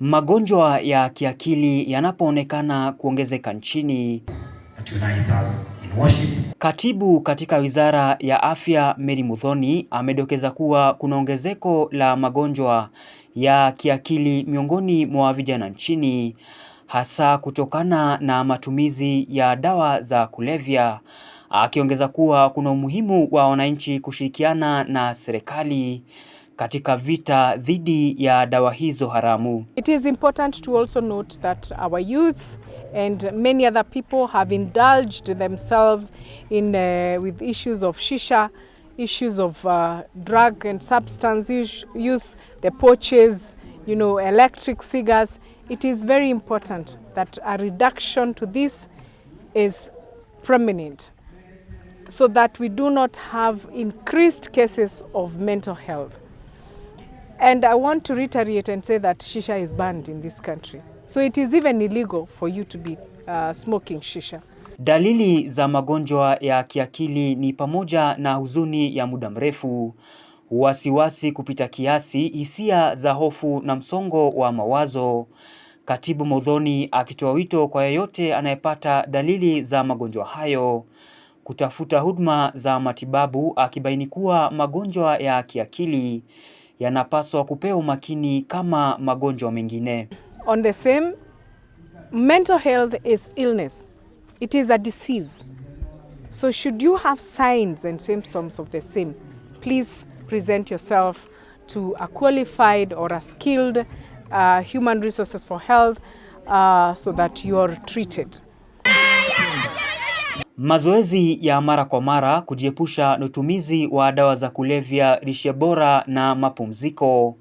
Magonjwa ya kiakili yanapoonekana kuongezeka nchini. Katibu katika Wizara ya Afya Mary Muthoni amedokeza kuwa kuna ongezeko la magonjwa ya kiakili miongoni mwa vijana nchini hasa kutokana na matumizi ya dawa za kulevya, akiongeza kuwa kuna umuhimu wa wananchi kushirikiana na serikali katika vita dhidi ya dawa hizo haramu. It is important to also note that our youths and many other people have indulged themselves in uh, with issues of shisha, issues of uh, drug and substance use, the porches, you know, electric cigars. It is very important that a reduction to this is prominent so that we do not have increased cases of mental health. And I want to reiterate and say that shisha is banned in this country. So it is even illegal for you to be uh, smoking shisha. Dalili za magonjwa ya kiakili ni pamoja na huzuni ya muda mrefu, wasiwasi kupita kiasi, hisia za hofu na msongo wa mawazo. Katibu Modhoni akitoa wito kwa yeyote anayepata dalili za magonjwa hayo kutafuta huduma za matibabu, akibaini kuwa magonjwa ya kiakili yanapaswa kupewa umakini kama magonjwa mengine. On the same, mental health is illness. It is a disease. So should you have signs and symptoms of the same, please present yourself to a qualified or a skilled uh, human resources for health uh, so that you are treated. Mazoezi ya mara kwa mara kujiepusha na utumizi wa dawa za kulevya, lishe bora na mapumziko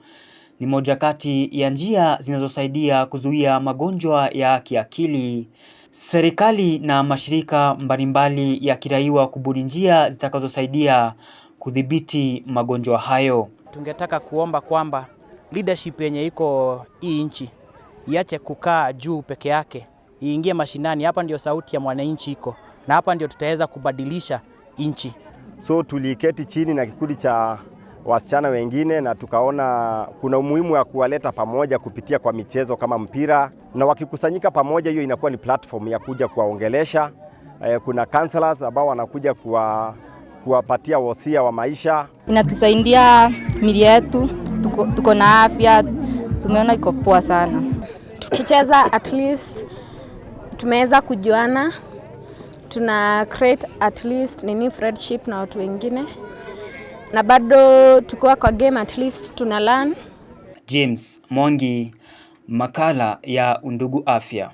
ni moja kati ya njia zinazosaidia kuzuia magonjwa ya kiakili. Serikali na mashirika mbalimbali yakiraiwa kubuni njia zitakazosaidia kudhibiti magonjwa hayo. Tungetaka kuomba kwamba leadership yenye iko hii nchi iache kukaa juu peke yake iingie mashinani. Hapa ndio sauti ya mwananchi iko, na hapa ndio tutaweza kubadilisha nchi. So tuliketi chini na kikundi cha wasichana wengine na tukaona kuna umuhimu wa kuwaleta pamoja kupitia kwa michezo kama mpira, na wakikusanyika pamoja, hiyo inakuwa ni platform ya kuja kuwaongelesha. Eh, kuna counselors ambao wanakuja kuwa kuwapatia wosia wa maisha. Inatusaidia mili yetu, tuko, tuko na afya. Tumeona iko poa sana tukicheza at least tumeweza kujuana, tuna create at least nini friendship na watu wengine, na bado tukiwa kwa game at least tuna learn. James Mwangi, makala ya Undugu Afya.